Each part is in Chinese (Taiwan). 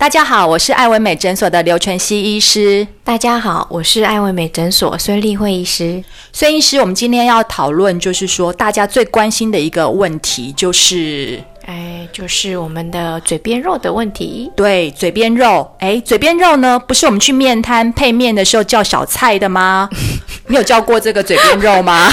大家好，我是愛惟美診所的劉淳熙醫師。大家好，我是愛惟美診所孫立惠醫師。孫醫師，我們今天要討論，就是說大家最關心的一個問題，就是，哎、欸，就是我們的嘴邊肉的問題。對，嘴邊肉。誒、欸，嘴邊肉呢，不是我們去麵攤配麵的時候叫小菜的嗎？ 你有叫過這個嘴邊肉嗎？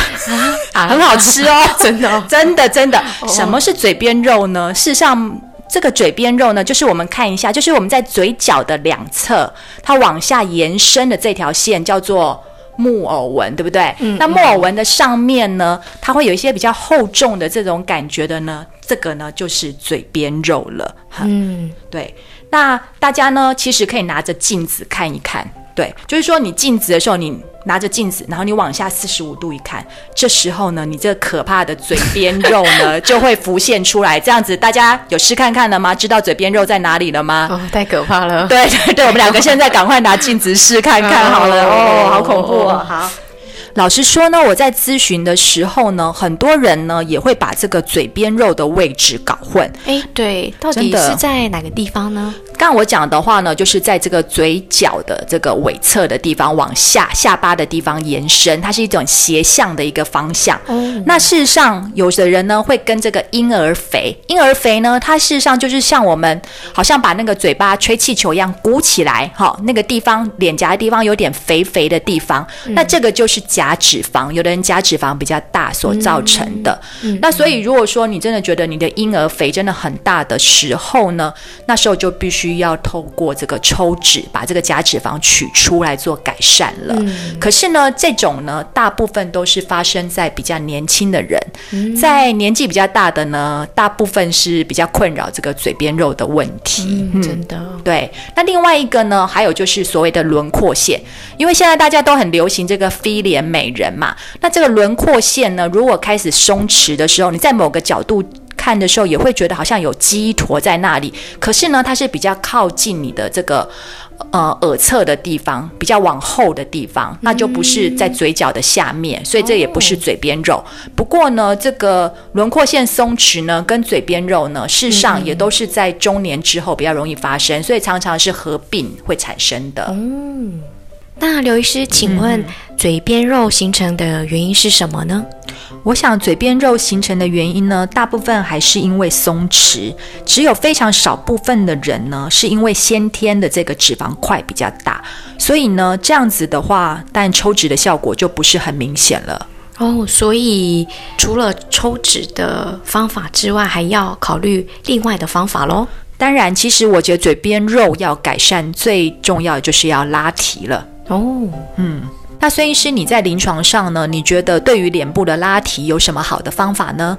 啊， 很好吃哦， 真的哦，真的，真的，真的。什麼是嘴邊肉呢？事實上。這個嘴邊肉呢，就是我們看一下，就是我們在嘴角的兩側，它往下延伸的這條線叫做木偶紋，對不對？嗯。那木偶紋的上面呢，它會有一些比較厚重的這種感覺的呢，這個呢，就是嘴邊肉了。哈嗯，對。那大家呢，其實可以拿着鏡子看一看，對，就是說你鏡子的時候你。拿着鏡子，然後你往下四十五度一看，這時候呢，你這可怕的嘴邊肉呢 就會浮現出來。這樣子，大家有試看看了嗎？知道嘴邊肉在哪裡了嗎？哦，太可怕了！對對對，我們兩個現在趕快拿鏡子試看看好了。哦，哦，好恐怖哦，哦，好。老實說呢，我在諮詢的時候呢，很多人呢也會把這個嘴邊肉的位置搞混。哎、欸，對，到底是在哪個地方呢？剛我講的話呢，就是在這個嘴角的這個尾側的地方往下下巴的地方延伸，它是一種斜向的一個方向。哦，嗯、那事實上有的人呢會跟這個嬰兒肥，嬰兒肥呢，它事實上就是像我們好像把那個嘴巴吹氣球一樣鼓起來，哈、哦，那個地方臉頰的地方有點肥肥的地方，嗯、那這個就是假。假脂肪，有的人假脂肪比較大所造成的。嗯嗯嗯、那所以如果說你真的覺得你的嬰兒肥真的很大的時候呢，那時候就必須要透過這個抽脂，把這個假脂肪取出來做改善了。嗯、可是呢，這種呢，大部分都是發生在比較年輕的人，嗯、在年紀比較大的呢，大部分是比較困擾這個嘴邊肉的問題。嗯，真的、嗯、對。那另外一個呢，還有就是所謂的輪廓線，因為現在大家都很流行這個 V 臉美。美人嘛，那這個輪廓線呢，如果開始鬆弛的時候，你在某個角度看的時候，也會覺得好像有雞坨在那裡。可是呢，它是比較靠近你的這個呃耳側的地方，比較往後的地方，那就不是在嘴角的下面，嗯、所以這也不是嘴邊肉。哦、不過呢，這個輪廓線鬆弛呢，跟嘴邊肉呢，事實上也都是在中年之後比較容易發生，所以常常是合併會產生的。嗯、哦。那劉醫師，請問，嗯，嘴邊肉形成的原因是什麼呢？我想嘴邊肉形成的原因呢，大部分還是因為鬆弛，只有非常少部分的人呢，是因為先天的這個脂肪塊比較大，所以呢，這樣子的話，但抽脂的效果就不是很明顯了。哦，所以除了抽脂的方法之外，還要考慮另外的方法嘍。當然，其實我覺得嘴邊肉要改善，最重要的就是要拉提了。哦，嗯，那孫醫師，你在臨床上呢？你覺得對於臉部的拉提有什麼好的方法呢？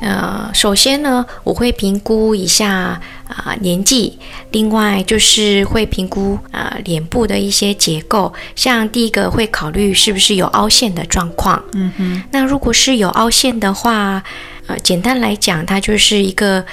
呃，首先呢，我會評估一下啊、呃、年紀，另外就是會評估啊呃、臉部的一些結構，像第一個會考慮是不是有凹陷的狀況。嗯哼，那如果是有凹陷的話，呃，簡單來講，它就是一個。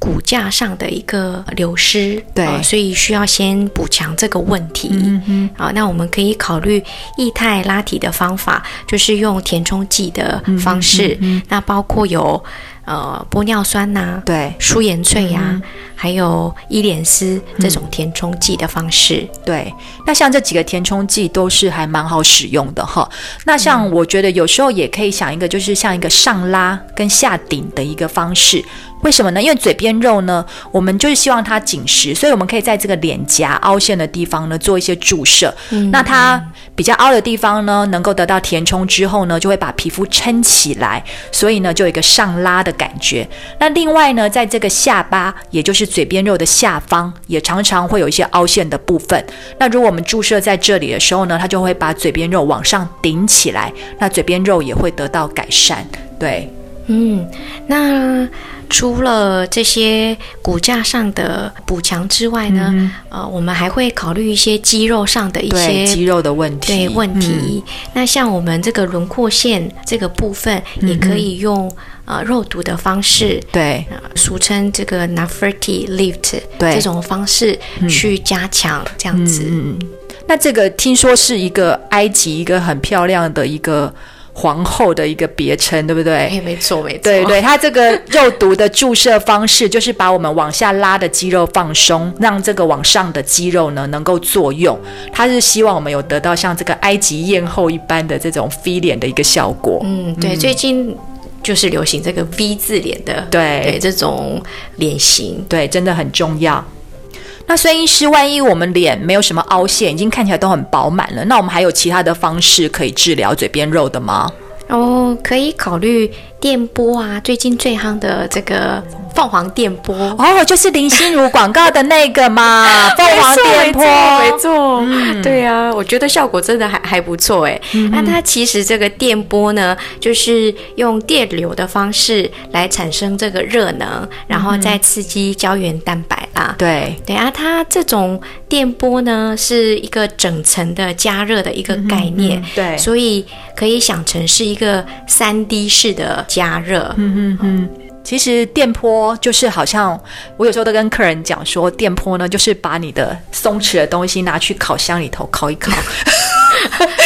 骨架上的一個流失，對、呃，所以需要先補強這個問題。嗯嗯，嗯啊，那我們可以考慮液態拉提的方法，就是用填充劑的方式。嗯嗯嗯、那包括有呃玻尿酸吶、啊，對，舒顏萃呀，嗯、還有伊蓮絲、嗯、這種填充劑的方式。對，那像這幾個填充劑都是還蠻好使用的哈。那像我覺得有時候也可以想一個，就是像一個上拉跟下頂的一個方式。為什麼呢？因為嘴邊肉呢，我們就是希望它緊實，所以我們可以在這個臉頰凹陷的地方呢做一些注射。嗯，那它比較凹的地方呢，能夠得到填充之後呢，就會把皮膚撐起來，所以呢，就有一個上拉的感覺。那另外呢，在這個下巴，也就是嘴邊肉的下方，也常常會有一些凹陷的部分。那如果我們注射在這裡的時候呢，它就會把嘴邊肉往上頂起來，那嘴邊肉也會得到改善。對。嗯，那除了這些骨架上的補強之外呢，嗯嗯呃，我們還會考慮一些肌肉上的一些肌肉的問題對，問題。嗯、那像我們這個輪廓線這個部分，也可以用嗯嗯呃肉毒的方式，嗯、對，呃、俗稱這個 Nefertiti Lift 對，這種方式去加強，這樣子、嗯嗯。那這個聽說是一個埃及一個很漂亮的一個。皇後的一個別稱，對不對？哎，沒錯，沒錯。對對，它這個肉毒的注射方式，就是把我們往下拉的肌肉放鬆，讓這個往上的肌肉呢能夠作用。它是希望我們有得到像這個埃及艷後一般的這種 V 臉的一個效果。嗯，對。嗯，最近就是流行這個 V 字臉的，對，對這種臉型，對，真的很重要。那孫醫師，萬一我們臉沒有什麼凹陷，已經看起來都很飽滿了，那我們還有其他的方式可以治療嘴邊肉的嗎？哦，可以考慮電波啊，最近最夯的這個。鳳凰電波，哦，就是林心如廣告的那個嘛，鳳凰 電波，沒錯，沒錯，嗯、對啊，我覺得效果真的還還不錯哎。那、嗯、哼啊、它其實這個電波呢，就是用電流的方式來產生這個熱能，然後再刺激膠原蛋白啦。嗯、哼對，對啊，它這種電波呢，是一個整層的加熱的一個概念，對、嗯哼，所以可以想成是一個三 D 式的加熱。嗯嗯嗯。其實電波就是好像，我有時候都跟客人講說，電波呢，就是把你的鬆弛的東西拿去烤箱裡頭烤一烤。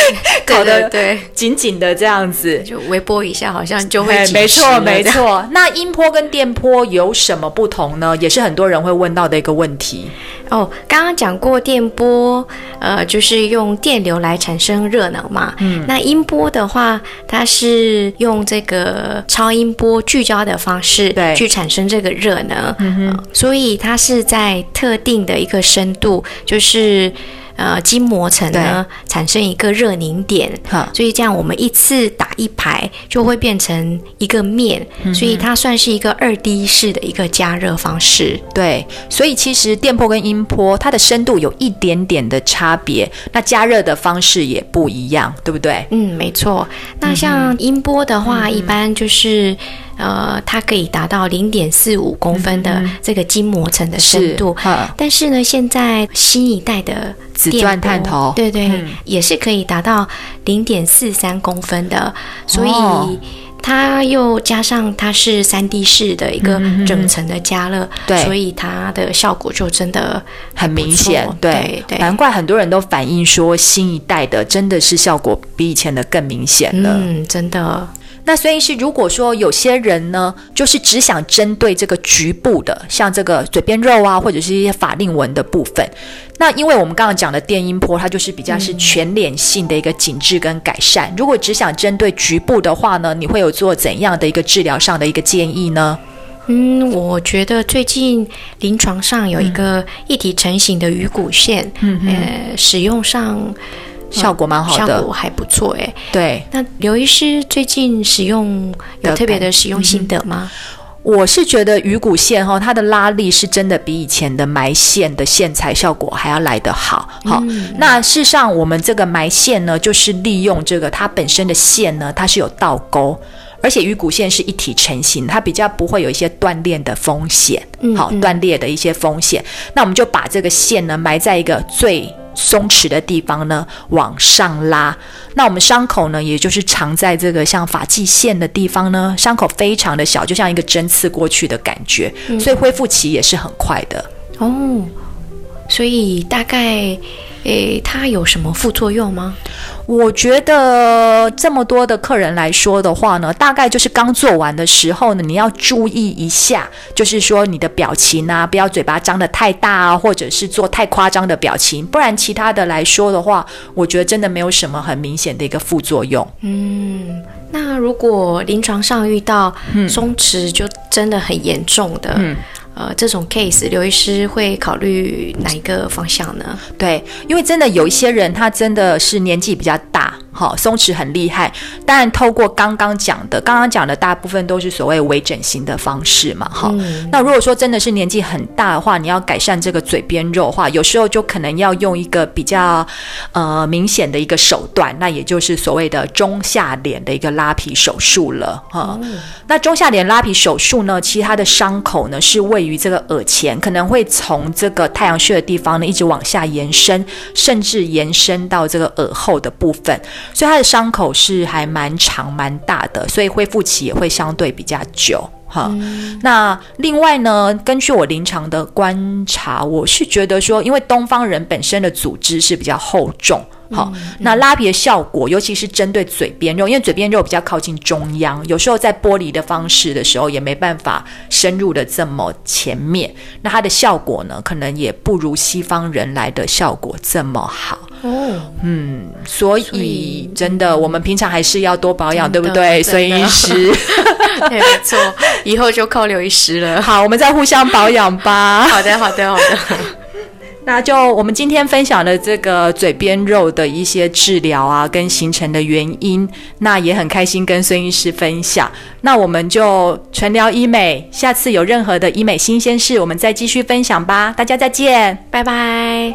好的對，緊緊 的這樣子，對對對，就微波一下，好像就會。沒錯，沒錯。那音波跟電波有什麼不同呢？也是很多人會問到的一個問題。哦，剛剛講過電波，呃，就是用電流來產生熱能嘛。嗯，那音波的話，它是用這個超音波聚焦的方式，對，去產生這個熱能。對嗯哼，呃，所以它是在特定的一個深度，就是。呃，筋膜層呢對產生一個熱凝點，呵所以這樣我們一次打一排就會變成一個面，嗯、哼所以它算是一個二 D 式的一個加熱方式。對，所以其實電波跟音波它的深度有一點點的差別，那加熱的方式也不一樣，對不對？嗯，沒錯。那像音波的話，嗯、哼一般就是。呃，它可以達到零點四五公分的這個筋膜層的深度，嗯嗯，是，但是呢，現在新一代的電紫鑽探頭，對對，嗯、也是可以達到零點四三公分的，哦、所以它又加上它是三 D 式的一個整層的加熱，嗯嗯，所以它的效果就真的很，很明顯，對對，對，難怪很多人都反映說新一代的真的是效果比以前的更明顯了，嗯，真的。那所以是，如果說有些人呢，就是只想針對這個局部的，像這個嘴邊肉啊，或者是一些法令紋的部分，那因為我們剛剛講的電音波，它就是比較是全臉性的一個緊緻跟改善。嗯、如果只想針對局部的話呢，你會有做怎樣的一個治療上的一個建議呢？嗯，我覺得最近臨床上有一個一體成型的魚骨線，嗯哼、呃，使用上。效果蠻好的，嗯，效果還不錯哎。對，那劉醫師最近使用有特別的使用心得嗎？嗯，我是覺得魚骨線哈，哦，它的拉力是真的比以前的埋線的線材效果還要來得好。好，嗯，那事實上我們這個埋線呢，就是利用這個它本身的線呢，它是有倒鈎，而且魚骨線是一體成型，它比較不會有一些斷裂的風險，嗯嗯，好斷裂的一些風險。那我們就把這個線呢埋在一個最。鬆弛的地方呢，往上拉。那我們傷口呢，也就是藏在這個像髮際線的地方呢，傷口非常的小，就像一個針刺過去的感覺，嗯。所以恢復期也是很快的哦。所以大概。誒，它有什麼副作用嗎？我覺得這麼多的客人來說的話呢，大概就是剛做完的時候呢，你要注意一下，就是說你的表情啊，不要嘴巴張得太大啊，或者是做太誇張的表情，不然其他的來說的話，我覺得真的沒有什麼很明顯的一個副作用。嗯，那如果臨床上遇到、嗯、鬆弛，就真的很嚴重的。嗯呃，這種 case 劉醫師會考慮哪一個方向呢？對，因為真的有一些人，他真的是年紀比較大。好，鬆弛很厲害，但透過剛剛講的，剛剛講的大部分都是所謂微整形的方式嘛，哈。嗯、那如果說真的是年紀很大的話，你要改善這個嘴邊肉的話，有時候就可能要用一個比較，呃，明顯的一個手段，那也就是所謂的中下臉的一個拉皮手術了，哈。嗯、那中下臉拉皮手術呢，其他的傷口呢是位於這個耳前，可能會從這個太陽穴的地方呢一直往下延伸，甚至延伸到這個耳後的部分。所以它的傷口是還蠻長、蠻大的，所以恢復期也會相對比較久哈。嗯、那另外呢，根據我臨床的觀察，我是覺得說，因為東方人本身的組織是比較厚重，好，嗯嗯、那拉皮的效果，尤其是針對嘴邊肉，因為嘴邊肉比較靠近中央，有時候在剝離的方式的時候也沒辦法深入的這麼前面，那它的效果呢，可能也不如西方人來的效果這麼好。哦，嗯，所以，所以真的，我們平常還是要多保養，的對不對？孫的醫師，沒、 欸、錯， 以後就靠劉醫師了。好，我們再互相保養吧。 好的，好的，好的。 那就我們今天分享的這個嘴邊肉的一些治療啊，跟形成的原因，那也很開心跟孫醫師分享。那我們就淳聊醫美，下次有任何的醫美新鮮事，我們再繼續分享吧。大家再見，拜拜。